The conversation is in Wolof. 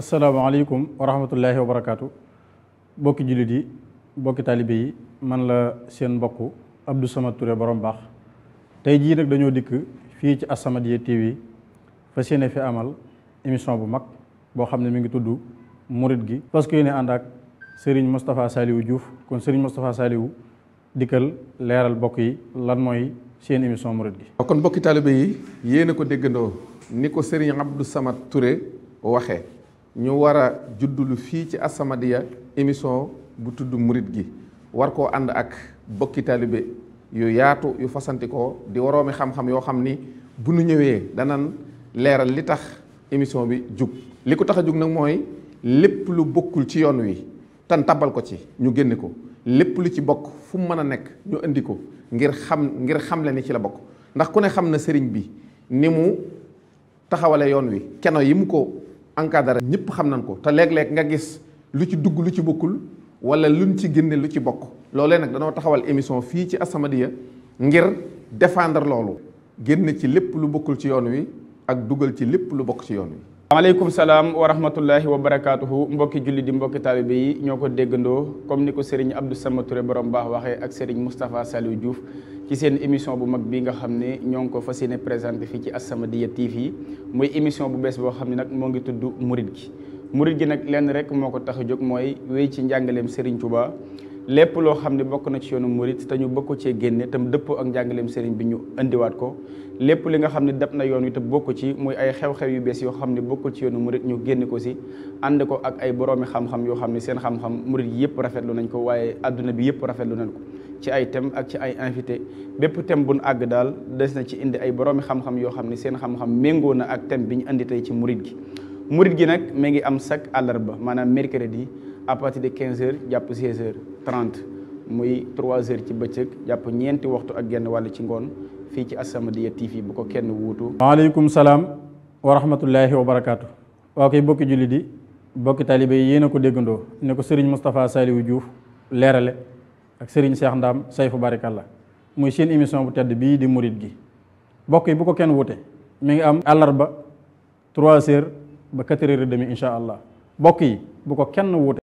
asalaamaaleykum wa rahmatullahi wa barakaatu bokki jullit yi bokki taalibe yi man la seen mbokk Abdou Samad Touré borom baax tey jii nag dañoo dikk fii ci As-Samadiyya TV fa yéene fi amal émission bu mag boo xam ne mu ngi tudd Murit gi parce que yéene ànd ak Serigne Moustapha Saliou Diouf kon Serigne Moustapha Saliou dikkal leeral bokk yi lan mooy seen émission Murit gi. kon bokki taalibe yi yéen a ko déggandoo ni ko Serigne Abdou Samad Touré waxee. ñu war a juddulu fii ci As-Samadiyya émission bu tudd murit gi war koo ànd ak bokki taalibe yu yaatu yu fasantikoo di waroomi xam-xam yoo xam ni bu nu ñëwee danan leeral li tax émission bi jug li ko tax a jug nag mooy lépp lu bokkul ci yoon wi tan tabal ko ci ñu génne ko lépp lu ci bokk fu mu mën a nekk ñu indi ko ngir xam ngir xamle ni ci la bokk ndax ku ne xam na sëriñ bi ni mu taxawale yoon wi keno yi mu ko encadré ñëpp xam nañ ko te léeg-léeg nga gis lu ci dugg lu ci bokkul wala luñ ci génne lu ci bokk loolee nag danoo taxawal émission fii ci As-Samadiyya ngir défendre loolu génn ci lépp lu bokkul ci yoon wi ak dugal ci lépp lu bokk ci yoon wi. maaleykum salaam wa rahmatullahi wa barakaatuhu mbokki julli di mbokki taalibe yi ñoo ko déggandoo comme ni ko Serigne Abdou Samad Touré borom baax waxee ak Serigne Moustapha Saliou Diouf. ci seen émission bu mag bi nga xam ne ñoo ngi ko fas yéene présenté fii ci As-Samadiyya TV muy émission bu bees boo xam ne nag moo ngi tudd murit gi murit gi nag lenn rek moo ko tax a jóg mooy wéy ci njàngaleem Serigne Touba. lépp loo xam ne bokk na ci yoonu murit te ñu bokk cee génne tam dëppoo ak njàngaleem sëriñ bi ñu indiwaat ko lépp li nga xam ne dab na yoon wi te bokk ci muy ay xew-xew yu bees yoo xam ne bokkul ci yoonu murit ñu génne ko si ànd ko ak ay boroomi xam-xam yoo xam ne seen xam-xam murit yëpp rafetlu nañ ko waaye àdduna bi yëpp rafetlu nañ ko ci ay thème ak ci ay invité bépp thème bu nu àgg daal des na ci indi ay boroomi xam yoo xam ne seen xam méngoo na ak thème bi ñu indi tey ci murit gi murit gi nag mi ngi am chaque àllarba maanaam mercredi à partir de 15 heures jàpp 16 heures 30 muy 3 heures ci bëccëg jàpp ñeenti waxtu ak genn wàll ci ngoon fii ci As-Samadiyya TV bu ko kenn wuutu. waaleykum salaam wa rahmatullahi wa barakaatu. waa koy bokki julli di bokki taalibe yi yéen a ko déggandoo ne ko Serigne Moustapha Saliou Diouf leerale ak Serigne Cheikh Ndam Sayfu la muy seen émission bu tedd bii di murit gi bokk yi bu ko kenn wuute mi ngi am àllarba 3 heures ba 4 heures et demi incha allah bokk yi bu ko kenn wuute.